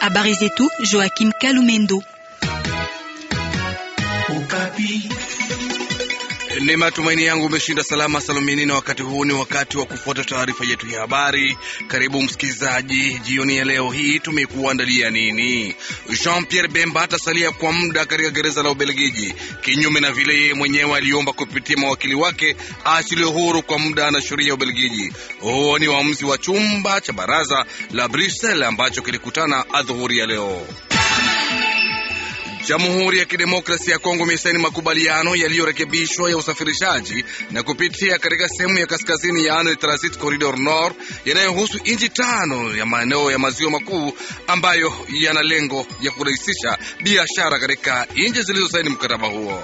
À tout, Joachim Kalumendo. Ni matumaini yangu umeshinda salama salumini, na wakati huu ni wakati wa kufuata taarifa yetu ya habari. Karibu msikilizaji, jioni ya leo hii tumekuandalia nini? Jean Pierre Bemba atasalia kwa muda katika gereza la Ubelgiji, kinyume na vile yeye mwenyewe aliomba kupitia mawakili wake aachiliwe huru kwa muda na sheria ya Ubelgiji. Huo ni uamuzi wa chumba cha baraza la Brussels ambacho kilikutana adhuhuri ya leo. Jamhuri ya Kidemokrasia ya Kongo imesaini makubaliano yaliyorekebishwa ya usafirishaji na kupitia katika sehemu ya kaskazini yaani Transit Corridor Nord yanayohusu nchi tano ya maeneo ya maziwa makuu ambayo yana lengo ya kurahisisha biashara katika nchi zilizosaini mkataba huo.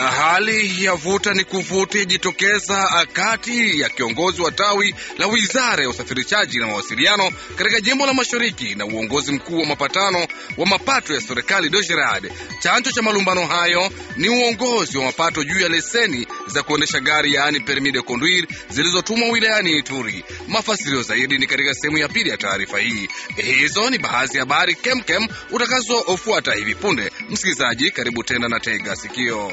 Ah, hali ya vuta ni kuvuta jitokeza ah, kati ya kiongozi wa tawi la wizara ya usafirishaji na mawasiliano katika jimbo la Mashariki na uongozi mkuu wa mapatano wa mapato ya serikali DOJERAD. Chanzo cha malumbano hayo ni uongozi wa mapato juu ya leseni za kuendesha gari, yaani permis de conduire zilizotumwa wilayani Ituri. Mafasirio zaidi ni katika sehemu ya pili ya taarifa hii. Hizo ni baadhi ya habari kemkem utakazofuata hivi punde. Msikilizaji, karibu tena na tega sikio.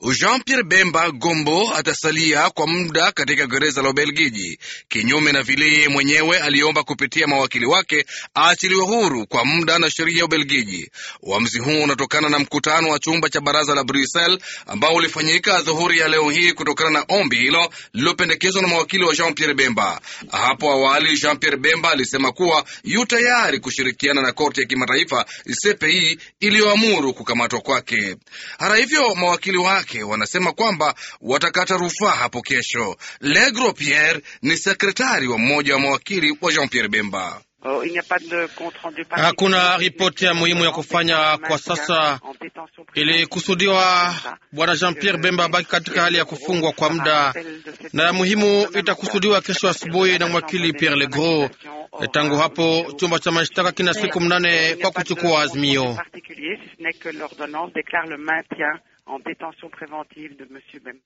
Jean-Pierre Bemba Gombo atasalia kwa muda katika gereza la Ubelgiji, kinyume na vile yeye mwenyewe aliomba kupitia mawakili wake aachiliwe huru kwa muda na sheria ya Ubelgiji. Uamuzi huu unatokana na mkutano wa chumba cha baraza la bruxelles ambao ulifanyika dhuhuri ya leo hii kutokana na ombi hilo lililopendekezwa na mawakili wa Jean-Pierre Bemba. Hapo awali, Jean-Pierre Bemba alisema kuwa yu tayari kushirikiana na korti ya kimataifa CPI iliyoamuru kukamatwa kwake. Hata hivyo mawakili wa wake wanasema kwamba watakata rufaa hapo kesho. Legro Pierre ni sekretari wa mmoja wa mawakili wa Jean Pierre Bemba. Oh, Hakuna ripoti ya muhimu ya kufanya kwa sasa. Ilikusudiwa bwana Jean Pierre Bemba abaki katika hali ya kufungwa kwa muda, na ya muhimu itakusudiwa kesho asubuhi na mwakili Pierre legro oh, Tangu euh, hapo chumba cha mashtaka kina siku mnane kwa kuchukua azimio en détention préventive de monsieur Bem.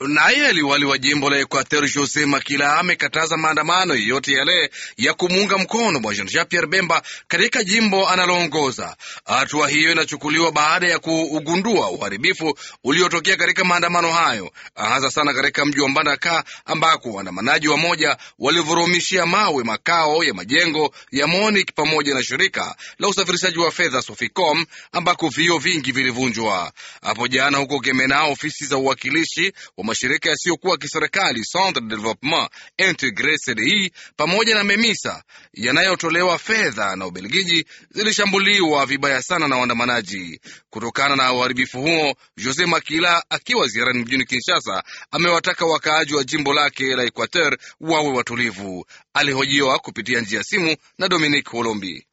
Naye aliwali wa jimbo la Equateur Jose Makila amekataza maandamano yeyote yale ya kumuunga mkono bwana Jean Pierre Bemba katika jimbo analoongoza. Hatua hiyo inachukuliwa baada ya kuugundua uharibifu uliotokea katika maandamano hayo, hasa sana katika mji wa Mbandaka ambako waandamanaji wamoja walivurumishia mawe makao ya majengo ya MONUC pamoja na shirika la usafirishaji wa fedha Soficom ambako vio vingi vilivunjwa. Hapo jana huko Gemena, ofisi za uwakilishi wa mashirika yasiyokuwa kiserikali Centre de Developpement Integre CDI e, pamoja na MEMISA yanayotolewa fedha na Ubelgiji zilishambuliwa vibaya sana na waandamanaji. Kutokana na uharibifu huo, Jose Makila akiwa ziarani mjini Kinshasa amewataka wakaaji wa jimbo lake la Equateur wawe watulivu. Alihojiwa kupitia njia ya simu na Dominique Holombi.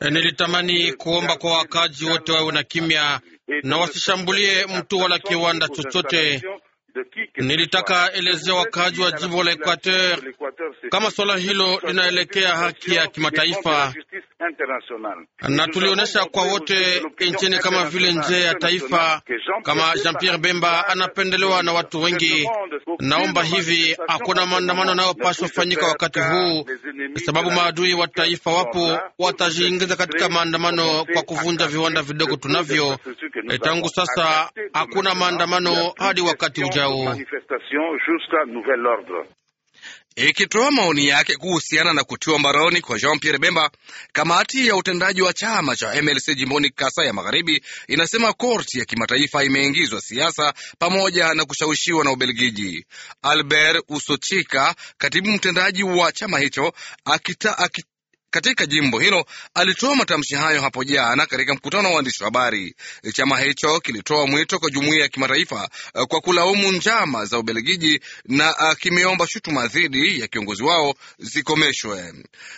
Eh, nilitamani kuomba kwa wakaji wote wawe na kimya na wasishambulie mtu wala kiwanda chochote Nilitaka elezea wakaaji wa jimbo la Equateur kama swala hilo linaelekea haki ya kimataifa, na tulionyesha kwa wote nchini kama vile nje ya taifa kama Jean Pierre Bemba anapendelewa na watu wengi. Naomba hivi hakuna maandamano yanayopaswa fanyika wakati huu, sababu maadui wa taifa wapo, watajiingiza katika maandamano kwa kuvunja viwanda vidogo tunavyo. Eh, tangu sasa hakuna maandamano hadi wakati uja au ikitoa maoni yake kuhusiana na kutiwa mbaroni kwa Jean Pierre Bemba. Kamati ya utendaji wa chama cha MLC jimboni Kasa ya Magharibi inasema korti ya kimataifa imeingizwa siasa pamoja na kushawishiwa na Ubelgiji. Albert Usochika, katibu mtendaji wa chama hicho, akita, akita katika jimbo hilo alitoa matamshi hayo hapo jana katika mkutano wa waandishi wa habari. Chama hicho kilitoa mwito kwa jumuiya ya kimataifa eh, kwa kulaumu njama za Ubelgiji na eh, kimeomba shutuma dhidi ya kiongozi wao zikomeshwe.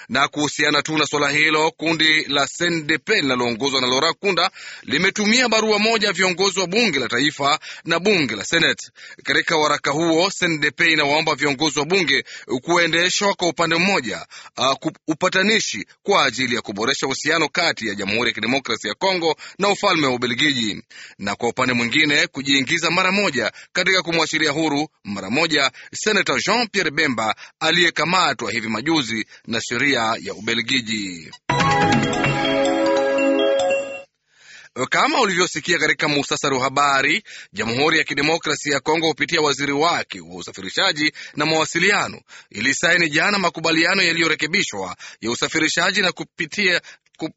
Na kuhusiana tu na suala hilo, kundi la SNDP linaloongozwa na Laurent Kunda limetumia barua moja viongozi wa bunge la taifa na bunge la Senate. Katika waraka huo, SNDP inawaomba viongozi wa bunge kuendeshwa kwa upande mmoja eh, upatanishi ushawishi kwa ajili ya kuboresha uhusiano kati ya Jamhuri ya Kidemokrasia ya Kongo na ufalme wa Ubelgiji, na kwa upande mwingine kujiingiza mara moja katika kumwachilia huru mara moja senata Jean Pierre Bemba aliyekamatwa hivi majuzi na sheria ya Ubelgiji. Kama ulivyosikia katika muhtasari wa habari, Jamhuri ya Kidemokrasia ya Kongo kupitia waziri wake wa usafirishaji na mawasiliano ilisaini jana makubaliano yaliyorekebishwa ya usafirishaji na kupitia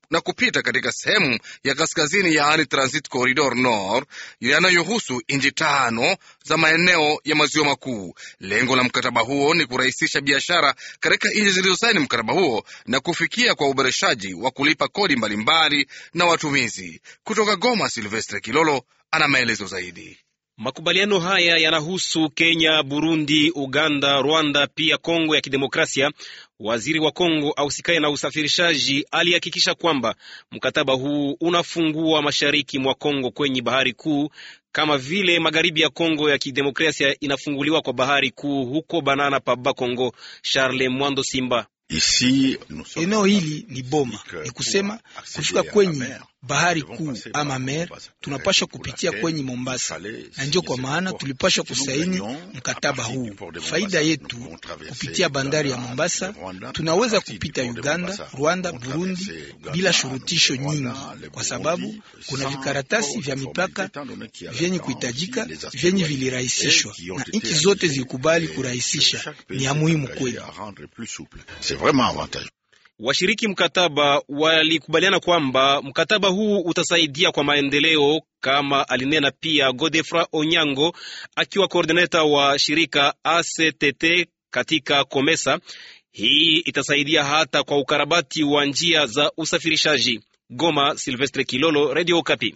na kupita katika sehemu ya kaskazini yaani Transit Corridor Nord yanayohusu nchi tano za maeneo ya maziwa makuu. Lengo la mkataba huo ni kurahisisha biashara katika nchi zilizosaini mkataba huo na kufikia kwa uboreshaji wa kulipa kodi mbalimbali na watumizi. Kutoka Goma, Silvestre Kilolo ana maelezo zaidi. Makubaliano haya yanahusu Kenya, Burundi, Uganda, Rwanda pia Kongo ya Kidemokrasia. Waziri wa Kongo ahusikaye na usafirishaji alihakikisha kwamba mkataba huu unafungua mashariki mwa Kongo kwenye bahari kuu kama vile magharibi ya Kongo ya Kidemokrasia inafunguliwa kwa bahari kuu huko Banana Paba congo Charles Mwando Simba Eneo hili ni boma, ni kusema kufika kwenye bahari kuu ama mer, tunapashwa kupitia kwenye Mombasa, na ndio kwa maana tulipashwa kusaini mkataba huu. Faida yetu kupitia bandari ya Mombasa, tunaweza kupita Uganda, Rwanda, Burundi bila shurutisho nyingi, kwa sababu kuna vikaratasi vya mipaka vyenye kuhitajika vyenye vilirahisishwa, na nchi zote zilikubali kurahisisha. Ni ya muhimu kweli vraiment avantageux. Washiriki mkataba walikubaliana kwamba mkataba huu utasaidia kwa maendeleo, kama alinena pia Godefra Onyango akiwa koordineta wa shirika ACTT katika Komesa. Hii itasaidia hata kwa ukarabati wa njia za usafirishaji. Goma, Silvestre Kilolo, Radio Okapi.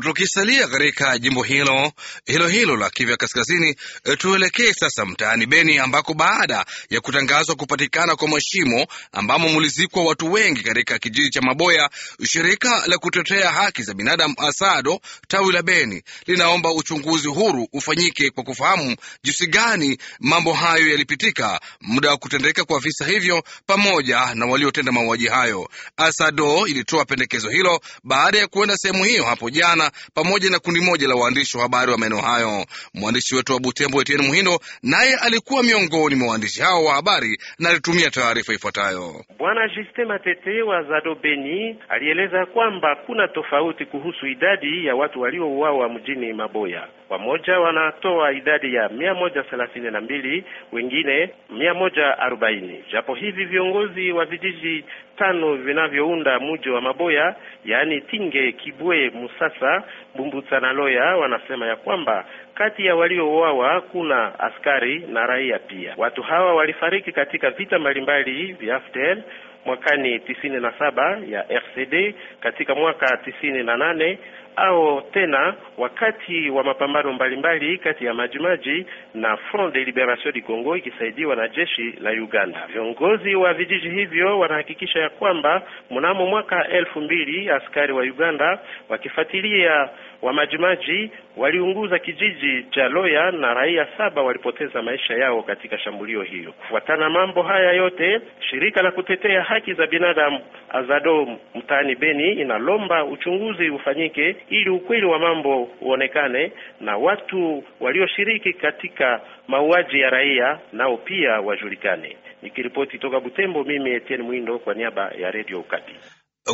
Tukisalia katika jimbo hilo hilo hilo la kivya Kaskazini, e, tuelekee sasa mtaani Beni, ambako baada ya kutangazwa kupatikana kwa mashimo ambamo mulizikwa watu wengi katika kijiji cha Maboya, shirika la kutetea haki za binadamu ASADO tawi la Beni linaomba uchunguzi huru ufanyike kwa kufahamu jinsi gani mambo hayo yalipitika, muda wa kutendeka kwa visa hivyo pamoja na waliotenda mauaji hayo. ASADO ilitoa pendekezo hilo baada ya kuenda sehemu hiyo hapo jana jana pamoja na kundi moja la waandishi wa habari wa maeneo hayo. Mwandishi wetu wa Butembo Etienne Muhindo naye alikuwa miongoni mwa waandishi hao wa habari na alitumia taarifa ifuatayo. Bwana Justin Matete wa Zado Beni alieleza kwamba kuna tofauti kuhusu idadi ya watu waliouawa mjini Maboya. Wamoja wanatoa idadi ya mia moja thelathini na mbili wengine mia moja arobaini. Japo hivi viongozi wa vijiji tano vinavyounda muji wa Maboya, yaani Tinge, Kibwe, Musasa, Bumbutsa na Loya, wanasema ya kwamba kati ya waliouawa kuna askari na raia pia. Watu hawa walifariki katika vita mbalimbali vya FDL mwakani tisini na saba ya RCD katika mwaka tisini na nane au tena wakati wa mapambano mbalimbali kati ya Majimaji na Front de Liberation du Congo ikisaidiwa na jeshi la Uganda. Viongozi wa vijiji hivyo wanahakikisha ya kwamba mnamo mwaka elfu mbili askari wa Uganda wakifuatilia wa majimaji waliunguza kijiji cha Loya na raia saba walipoteza maisha yao katika shambulio hiyo. Kufuatana mambo haya yote, shirika la kutetea haki za binadamu Azado mtaani Beni inalomba uchunguzi ufanyike ili ukweli wa mambo uonekane na watu walioshiriki katika mauaji ya raia nao pia wajulikane. Nikiripoti toka Butembo, mimi Etienne Mwindo kwa niaba ya Radio Ukati.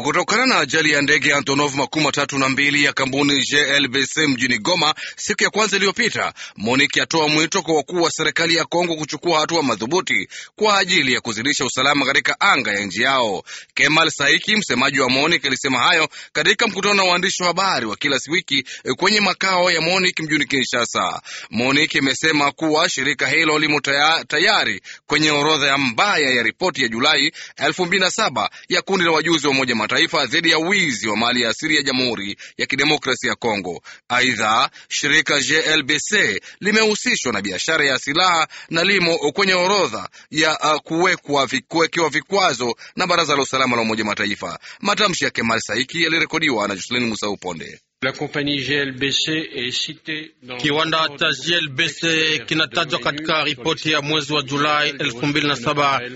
Kutokana na ajali ya ndege ya Antonov makumi matatu na mbili ya kampuni JLBC mjini Goma siku ya kwanza iliyopita, Monik yatoa mwito kwa wakuu wa serikali ya Kongo kuchukua hatua madhubuti kwa ajili ya kuzidisha usalama katika anga ya nchi yao. Kemal Saiki, msemaji wa Monik, alisema hayo katika mkutano na waandishi wa habari wa kila wiki kwenye makao ya Monik mjini Kinshasa. Monik imesema kuwa shirika hilo limo tayari kwenye orodha ya mbaya ya ripoti ya Julai 2007 ya kundi la wajuzi wa moja kimataifa dhidi ya wizi wa mali ya asili ya Jamhuri ya Kidemokrasia ya Kongo. Aidha, shirika JLBC limehusishwa na biashara ya silaha na limo kwenye orodha ya uh, kuwekwa kuwekewa vikwazo na Baraza la Usalama la Umoja Mataifa. Matamshi ya Kemal Saiki yalirekodiwa na Joselin musau ponde Kiwanda cha GLBC kinatajwa katika ripoti ya mwezi wa Julai 2007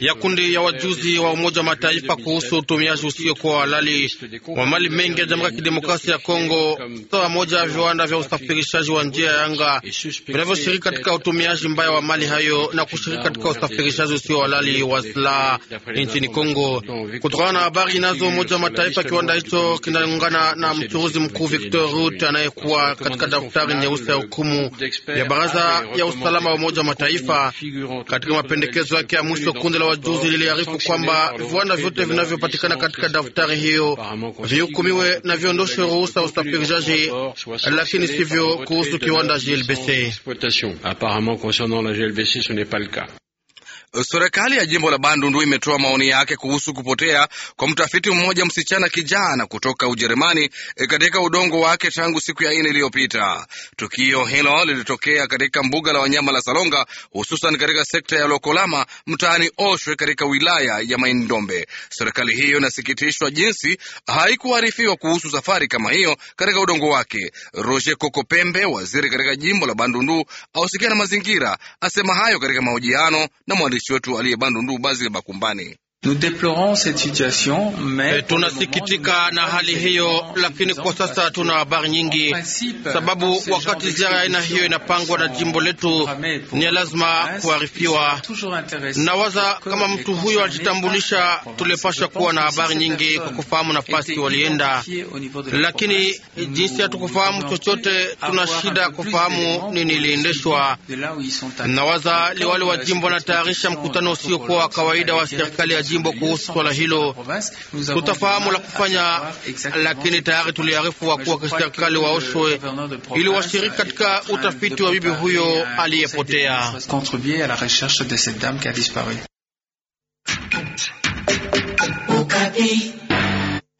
ya kundi ya wajuzi wa Umoja wa Mataifa kuhusu utumiaji usiokuwa halali wa mali mengi ya Jamhuri ya Kidemokrasia ya Kongo, sawa moja ya viwanda vya usafirishaji wa njia ya anga vinavyoshiriki katika utumiaji mbaya wa mali hayo na kushiriki katika usafirishaji usio halali wa silaha nchini Kongo. Kutokana na habari nazo Umoja wa Mataifa, kiwanda hicho kinaungana na mchuruzi mkuu Victor Rut anayekuwa katika daftari nyeusi ya hukumu ya baraza ya usalama wa Umoja wa Mataifa. Katika mapendekezo yake ya mwisho, kundi la wajuzi liliarifu kwamba viwanda vyote vinavyopatikana katika daftari hiyo vihukumiwe na viondoshe ruhusa ya usafirishaji, lakini sivyo kuhusu kiwanda GLBC. Serikali ya jimbo la Bandundu imetoa maoni yake kuhusu kupotea kwa mtafiti mmoja msichana kijana kutoka Ujerumani eh, katika udongo wake tangu siku ya nne iliyopita. Tukio hilo lilitokea katika mbuga la wanyama la Salonga, hususan katika sekta ya Lokolama mtaani Oshwe katika wilaya ya Maindombe. Serikali hiyo inasikitishwa jinsi haikuarifiwa kuhusu safari kama hiyo katika udongo wake. Roger Kokopembe, waziri katika jimbo la Bandundu ausikia na mazingira, asema hayo katika mahojiano na mwandishi mwandishi wetu aliye ndu Bazili Bakumbani. Eh, tunasikitika na hali hiyo, lakini kwa sasa tuna habari nyingi, sababu wakati ziara aina hiyo inapangwa na jimbo letu ni lazima kuarifiwa. Nawaza kama mtu huyo alijitambulisha, tulepasha kuwa na habari nyingi kwa kufahamu nafasi walienda, lakini jinsi hatukufahamu chochote, tuna shida kufahamu nini iliendeshwa. Nawaza liwali wa jimbo anatayarisha mkutano usiokuwa wa kawaida wa serikali ya jimbo kuhusu swala hilo, tutafahamu la kufanya, lakini tayari tuliarifu wakuu wa kiserikali wa Oshwe ili washiriki katika utafiti wa bibi huyo aliyepotea.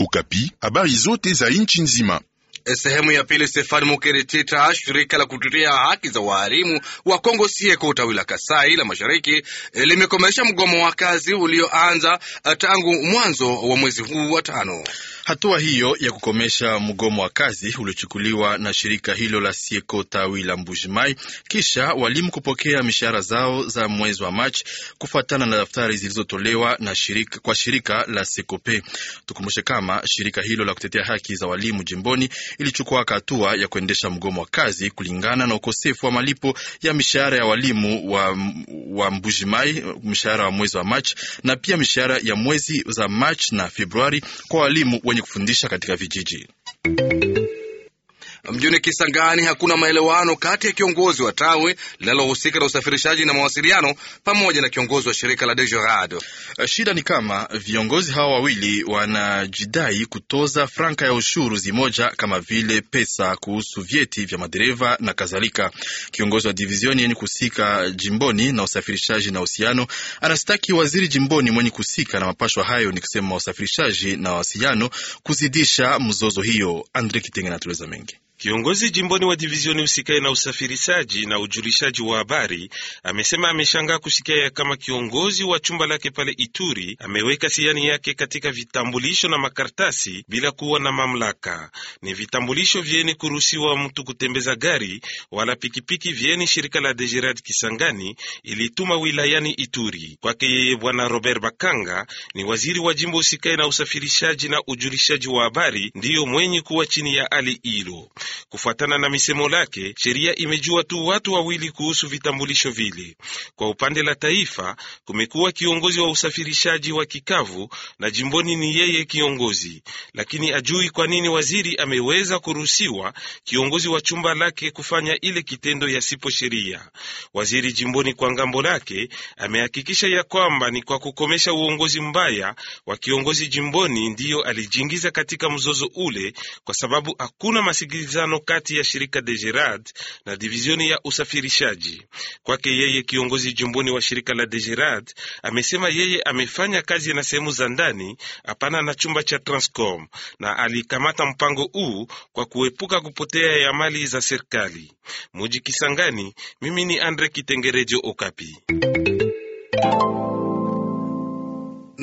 Ukapi, habari zote za nchi nzima Eh, sehemu ya pili, Stefan mukeritita shirika la kutetea haki za waalimu wa Kongo sieko tawi Kasai la Mashariki eh, limekomesha mgomo wa kazi ulioanza eh, tangu mwanzo wa mwezi huu wa tano. Hatua hiyo ya kukomesha mgomo wa kazi uliochukuliwa na shirika hilo la Sieko tawi la Mbujimai kisha walimu kupokea mishahara zao za mwezi wa Machi kufuatana na daftari zilizotolewa na shirika, kwa shirika la Sekope. Tukumbushe kama shirika hilo la kutetea haki za walimu jimboni ilichukua hatua ya kuendesha mgomo wa kazi kulingana na ukosefu wa malipo ya mishahara ya walimu wa, wa Mbujimai, mshahara wa mwezi wa Machi na pia mishahara ya mwezi za Machi na Februari kwa walimu wenye kufundisha katika vijiji. Mjini Kisangani hakuna maelewano kati ya kiongozi wa tawi linalohusika na usafirishaji na mawasiliano pamoja na kiongozi wa shirika la Dejorado. Eh, shida ni kama viongozi hawa wawili wanajidai kutoza franka ya ushuru zimoja kama vile pesa kuhusu vyeti vya madereva na kadhalika. Kiongozi wa divizioni yenye kuhusika jimboni na usafirishaji na uhusiano anastaki waziri jimboni mwenye kuhusika na mapashwa hayo, ni kusema usafirishaji na mawasiliano, kuzidisha mzozo hiyo. Andre Kitenge anatueleza mengi. Kiongozi jimboni wa divizioni husikae na usafirishaji na ujulishaji wa habari amesema ameshangaa kusikia ya kama kiongozi wa chumba lake pale Ituri ameweka siani yake katika vitambulisho na makartasi bila kuwa na mamlaka. Ni vitambulisho vyeni kuruhusiwa mtu kutembeza gari wala pikipiki vyeni shirika la Dejirad Kisangani ilituma wilayani Ituri. Kwake yeye Bwana Robert Bakanga ni waziri wa jimbo husikae na usafirishaji na ujulishaji wa habari ndiyo mwenye kuwa chini ya ali hilo. Kufuatana na misemo lake, sheria imejua tu watu wawili kuhusu vitambulisho vile. Kwa upande la taifa, kumekuwa kiongozi wa usafirishaji wa kikavu na jimboni ni yeye kiongozi, lakini ajui kwa nini waziri ameweza kuruhusiwa kiongozi wa chumba lake kufanya ile kitendo yasipo sheria. Waziri jimboni kwa ngambo lake amehakikisha ya kwamba ni kwa kukomesha uongozi mbaya wa kiongozi jimboni ndiyo alijiingiza katika mzozo ule, kwa sababu hakuna masikiliza mapatano kati ya shirika Gerard na divizioni ya usafirishaji. Kwake yeye, kiongozi jumboni wa shirika la Gerard amesema yeye amefanya kazi na sehemu za ndani, hapana na chumba cha Transcom, na alikamata mpango huu kwa kuepuka kupotea ya mali za serikali. Muji Kisangani, mimi ni Andre Kitengerejo, Okapi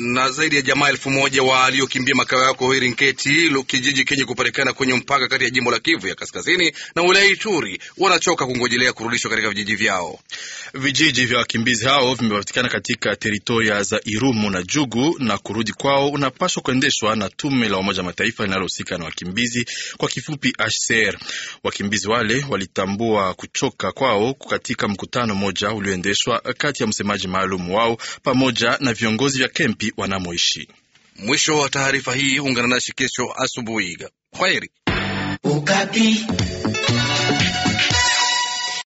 na zaidi ya jamaa elfu moja waliokimbia makao yako hirinketi kijiji kenye kupatikana kwenye mpaka kati ya jimbo la Kivu ya kaskazini na wilaya Ituri, wanachoka kungojelea kurudishwa katika vijiji vyao. Vijiji vya wakimbizi hao vimepatikana katika teritoria za Irumu na Jugu, na kurudi kwao unapaswa kuendeshwa na tume la Umoja Mataifa linalohusika na wakimbizi, kwa kifupi HCR. Wakimbizi wale walitambua kuchoka kwao katika mkutano mmoja ulioendeshwa kati ya msemaji maalum wao pamoja na viongozi vya kempi wanamoishi. Mwisho wa taarifa hii, ungana nasi kesho asubuhi. Kwaheri.